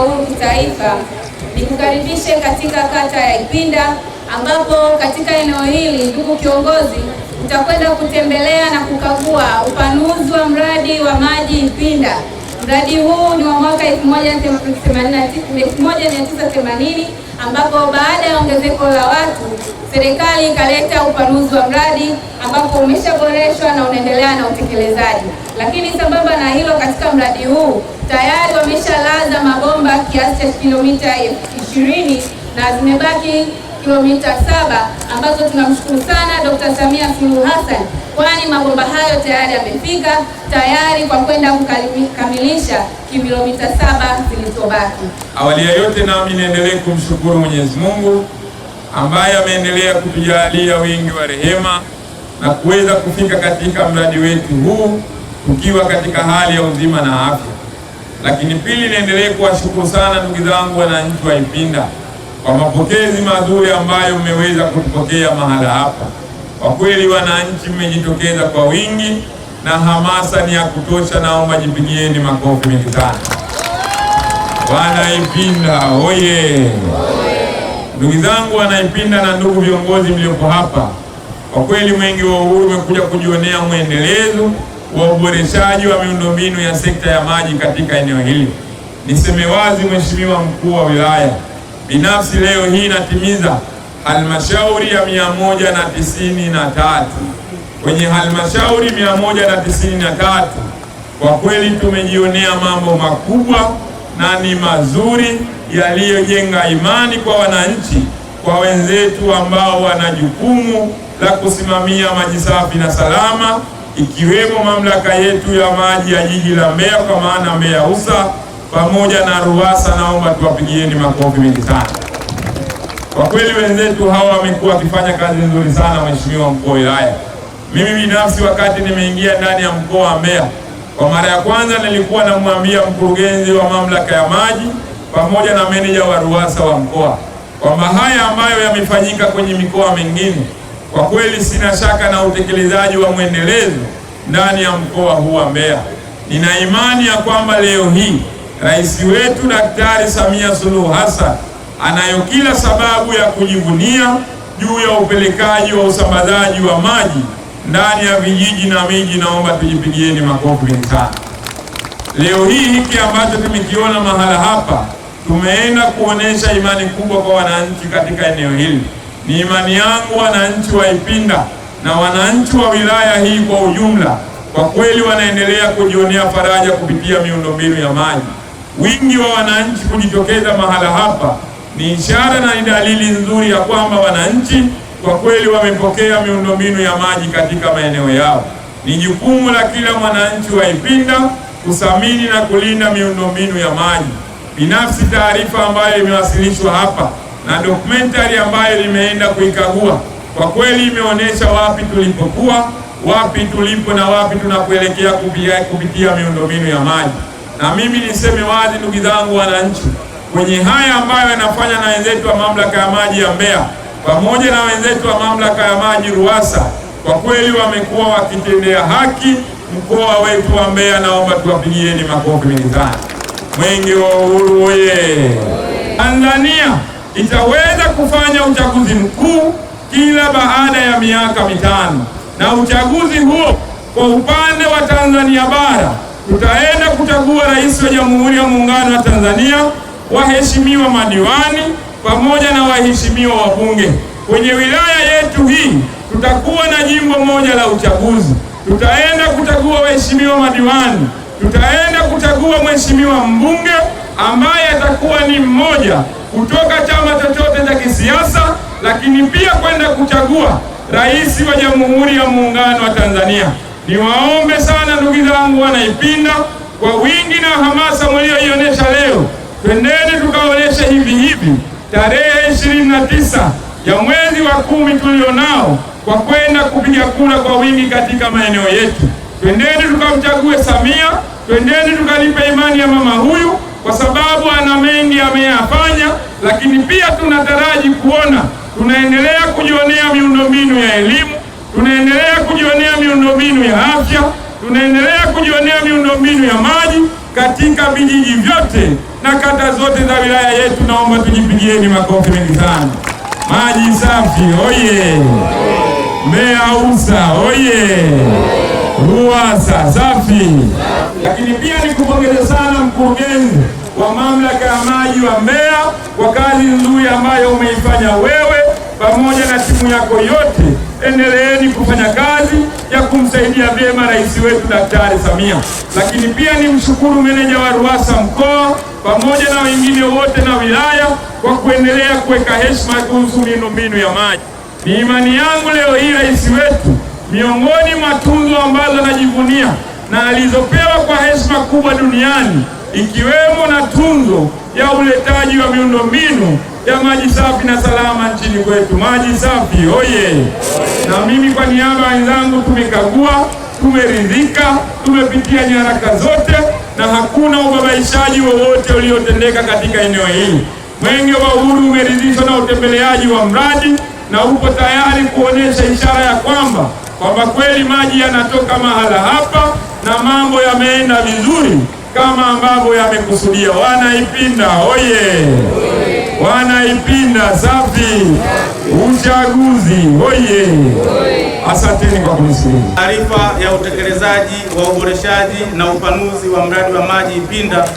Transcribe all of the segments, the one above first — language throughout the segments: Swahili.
huu kitaifa, nikukaribishe katika kata ya Ipinda ambapo katika eneo hili ndugu kiongozi, utakwenda kutembelea na kukagua upanuzi wa mradi wa maji Ipinda. Mradi huu ni wa mwaka 1980 ambapo baada ya ongezeko la watu serikali ikaleta upanuzi wa mradi ambapo umeshaboreshwa na unaendelea na utekelezaji. Lakini sambamba na hilo, katika mradi huu tayari wameshalaza mabomba kiasi cha kilomita ishirini na zimebaki kilomita saba ambazo tunamshukuru sana Dr. Samia Suluhu Hassan, kwani mabomba hayo tayari yamefika tayari kwa kwenda kukamilisha kilomita saba zilizobaki. Awali ya yote, nami niendelee kumshukuru Mwenyezi Mungu ambaye ameendelea kutujalia wingi wa rehema na kuweza kufika katika mradi wetu huu tukiwa katika hali ya uzima na afya. Lakini pili, niendelee kuwashukuru sana ndugu zangu wananchi wa Ipinda kwa mapokezi mazuri ambayo mmeweza kutupokea mahala hapa. Kwa kweli wananchi mmejitokeza kwa wingi na hamasa ni ya kutosha. Naomba jipigieni makofi mengi sana wanaipinda oye! Ndugu zangu wanaipinda na ndugu viongozi mliopo hapa, kwa kweli mwenge wa uhuru umekuja kujionea mwendelezo wa uboreshaji wa miundombinu ya sekta ya maji katika eneo hili. Niseme wazi, Mheshimiwa mkuu wa wilaya, binafsi leo hii natimiza halmashauri ya mia moja na tisini na tatu. Kwenye halmashauri mia moja na tisini na tatu kwa kweli tumejionea mambo makubwa na ni mazuri yaliyojenga imani kwa wananchi, kwa wenzetu ambao wana jukumu la kusimamia maji safi na salama ikiwemo mamlaka yetu ya maji ya jiji la Mbeya kwa maana Mbeya Usa pamoja na RUWASA. Naomba tuwapigieni makofi mengi sana. Kwa kweli wenzetu hawa wamekuwa wakifanya kazi nzuri sana, mheshimiwa mkuu wa wilaya. Mimi binafsi wakati nimeingia ndani ya mkoa wa Mbeya kwa mara ya kwanza, nilikuwa namwambia mkurugenzi wa mamlaka ya maji pamoja na meneja wa RUWASA wa mkoa kwamba haya ambayo yamefanyika kwenye mikoa mingine kwa kweli sina shaka na utekelezaji wa mwendelezo ndani ya mkoa huu wa Mbeya. Nina imani ya kwamba leo hii rais wetu Daktari Samia Suluhu Hassan anayo kila sababu ya kujivunia juu ya upelekaji wa usambazaji wa maji ndani ya vijiji na miji. Naomba tujipigieni makofi mengi sana. Leo hii hiki ambacho tumekiona mahala hapa, tumeenda kuonesha imani kubwa kwa wananchi katika eneo hili. Ni imani yangu wananchi wa Ipinda na wananchi wa wilaya hii kwa ujumla, kwa kweli wanaendelea kujionea faraja kupitia miundombinu ya maji. Wingi wa wananchi kujitokeza mahala hapa ni ishara na ni dalili nzuri ya kwamba wananchi kwa kweli wamepokea miundombinu ya maji katika maeneo yao. Ni jukumu la kila mwananchi wa Ipinda kusamini na kulinda miundombinu ya maji. Binafsi, taarifa ambayo imewasilishwa hapa na dokumentari ambayo nimeenda kuikagua kwa kweli imeonyesha wapi tulipokuwa, wapi tulipo na wapi tunakuelekea kupitia miundombinu ya maji. Na mimi niseme wazi, ndugu zangu wananchi, kwenye haya ambayo yanafanya na wenzetu wa mamlaka ya maji ya Mbeya pamoja na wenzetu wa mamlaka ya maji Ruwasa, kwa kweli wamekuwa wakitendea haki mkoa wetu wa Mbeya. Naomba tuwapigieni makofi sana Mwenge wa Uhuru oye! Tanzania itaweza kufanya uchaguzi mkuu kila baada ya miaka mitano, na uchaguzi huo kwa upande wa Tanzania bara tutaenda kuchagua rais wa Jamhuri ya Muungano wa Tanzania, waheshimiwa madiwani pamoja na waheshimiwa wabunge. Kwenye wilaya yetu hii tutakuwa na jimbo moja la uchaguzi. Tutaenda kuchagua waheshimiwa madiwani, tutaenda kuchagua mheshimiwa mbunge ambaye atakuwa ni mmoja kutoka chama chochote cha kisiasa, lakini pia kwenda kuchagua rais wa Jamhuri ya Muungano wa Tanzania. Niwaombe sana ndugu zangu wanaipinda, kwa wingi na hamasa mlioionyesha leo, twendeni tukaonyeshe hivi hivi tarehe ishirini na tisa ya mwezi wa kumi tulionao kwa kwenda kupiga kura kwa wingi katika maeneo yetu. Twendeni tukamchague Samia, twendeni tukalipe imani ya mama huyu kwa sababu ana mengi ameyafanya, lakini pia tunataraji kuona tunaendelea kujionea miundombinu ya elimu, tunaendelea kujionea miundombinu ya afya, tunaendelea kujionea miundombinu ya maji katika vijiji vyote na kata zote za wilaya yetu. Naomba tujipigieni makofi mengi sana. Maji safi oye! Mbeya Usa oye! RUWASA safi. Lakini pia nikupongeze sana mkurugenzi wa mamlaka ya maji wa Mbeya kwa kazi nzuri ambayo umeifanya wewe pamoja na timu yako yote. Endeleeni kufanya kazi ya kumsaidia vyema rais wetu Daktari Samia. Lakini pia ni mshukuru meneja wa RUWASA mkoa pamoja na wengine wote na wilaya kwa kuendelea kuweka heshima kuhusu miundombinu ya maji. Ni imani yangu leo hii rais wetu Miongoni mwa tuzo ambazo anajivunia na alizopewa kwa heshima kubwa duniani ikiwemo na tunzo ya uletaji wa miundombinu ya maji safi na salama nchini kwetu. Maji safi oye! Na mimi kwa niaba ya wenzangu, tumekagua, tumeridhika, tumepitia nyaraka zote na hakuna ubabaishaji wowote uliotendeka katika eneo hili. Mwenge wa Uhuru umeridhishwa na utembeleaji wa mradi na upo tayari kuonyesha ishara ya kwamba kwamba kweli maji yanatoka mahala hapa na mambo yameenda vizuri kama ambavyo yamekusudia. Wanaipinda oye! Wanaipinda safi! Uchaguzi oye! Asanteni kwa kunisikiliza. Taarifa ya utekelezaji wa uboreshaji na upanuzi wa mradi wa maji Ipinda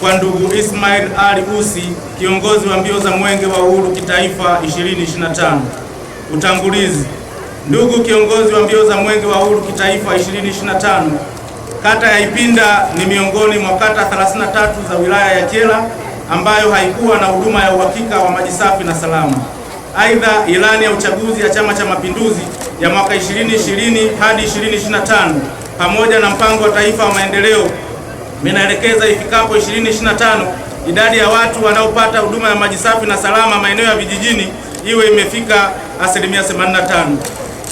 kwa ndugu Ismail Ali Usi, kiongozi wa mbio za mwenge wa uhuru kitaifa 2025. Utangulizi. Ndugu kiongozi wa mbio za Mwenge wa Uhuru kitaifa 2025, kata ya Ipinda ni miongoni mwa kata 33 za wilaya ya Kyela ambayo haikuwa na huduma ya uhakika wa maji safi na salama. Aidha, ilani ya uchaguzi ya Chama cha Mapinduzi ya mwaka 2020 hadi 2025 pamoja na mpango wa taifa wa maendeleo vinaelekeza ifikapo 2025 idadi ya watu wanaopata huduma ya maji safi na salama maeneo ya vijijini iwe imefika asilimia 85.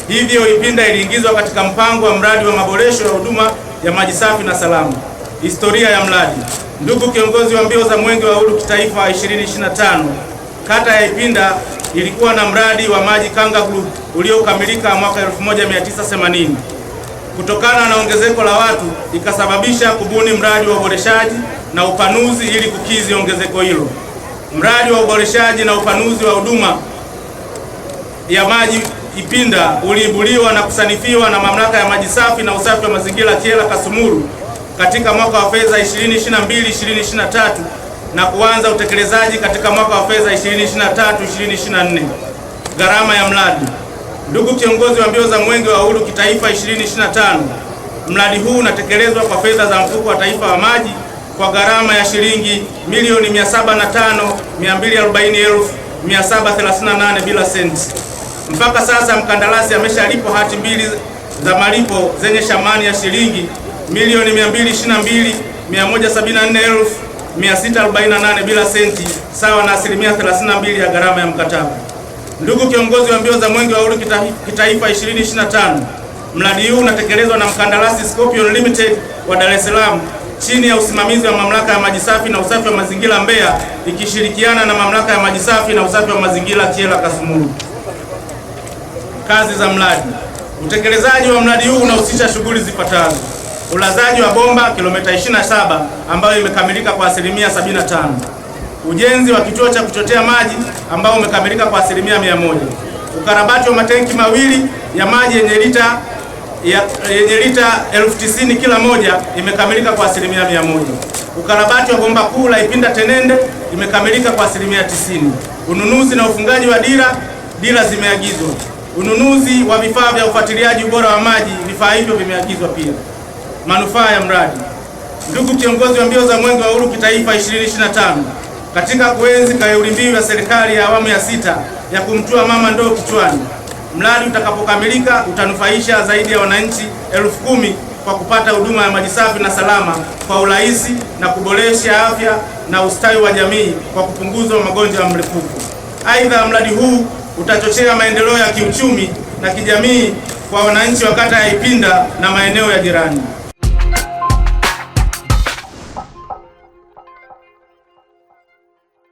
Hivyo Ipinda iliingizwa katika mpango wa mradi wa maboresho ya huduma ya maji safi na salama. Historia ya mradi. Ndugu kiongozi wa mbio za mwenge wa uhuru kitaifa 2025, kata ya Ipinda ilikuwa na mradi wa maji Kanga Group uliokamilika mwaka 1980. Kutokana na ongezeko la watu, ikasababisha kubuni mradi wa uboreshaji na upanuzi ili kukizi ongezeko hilo. Mradi wa uboreshaji na upanuzi wa huduma ya maji Ipinda uliibuliwa na kusanifiwa na Mamlaka ya Maji Safi na Usafi wa Mazingira Kyela kasumuru katika mwaka wa fedha 2022/2023 na kuanza utekelezaji katika mwaka wa fedha 2023/2024. Gharama ya mradi. Ndugu kiongozi wa mbio za Mwenge wa Uhuru kitaifa 2025, mradi huu unatekelezwa kwa fedha za Mfuko wa Taifa wa Maji kwa gharama ya shilingi milioni 705,240,738 bila senti. Mpaka sasa mkandarasi ameshalipwa hati mbili za malipo zenye thamani ya shilingi milioni 222,174,648 bila senti sawa na asilimia 32 ya gharama ya mkataba. Ndugu kiongozi wa mbio za mwenge wa uhuru kitaifa 2025, mradi huu unatekelezwa na mkandarasi Scorpion Limited wa Dar es Salaam chini ya usimamizi wa mamlaka ya maji safi na usafi wa mazingira Mbeya ikishirikiana na mamlaka ya maji safi na usafi wa mazingira Kyela Kasumulu kazi za mradi. Utekelezaji wa mradi huu unahusisha shughuli zifuatazo: ulazaji wa bomba kilomita 27 ambayo imekamilika kwa asilimia 75, ujenzi wa kituo cha kuchotea maji ambao umekamilika kwa asilimia 100, ukarabati wa matenki mawili ya maji yenye lita yenye lita elfu tisini kila moja imekamilika kwa asilimia moja. Ukarabati wa bomba kuu la Ipinda Tenende imekamilika kwa asilimia 90. Ununuzi na ufungaji wa dira dira zimeagizwa ununuzi wa vifaa vya ufuatiliaji ubora wa maji. Vifaa hivyo vimeagizwa pia. Manufaa ya mradi. Ndugu kiongozi wa mbio za mwenge wa uhuru kitaifa 2025, katika kuenzi kauli mbiu ya serikali ya awamu ya sita ya kumtua mama ndoo kichwani, mradi utakapokamilika utanufaisha zaidi ya wananchi elfu kumi kwa kupata huduma ya maji safi na salama kwa urahisi na kuboresha afya na ustawi wa jamii kwa kupunguzwa magonjwa ya mlipuko. Aidha, mradi huu utachochea maendeleo ya kiuchumi na kijamii kwa wananchi wa kata ya Ipinda na maeneo ya jirani.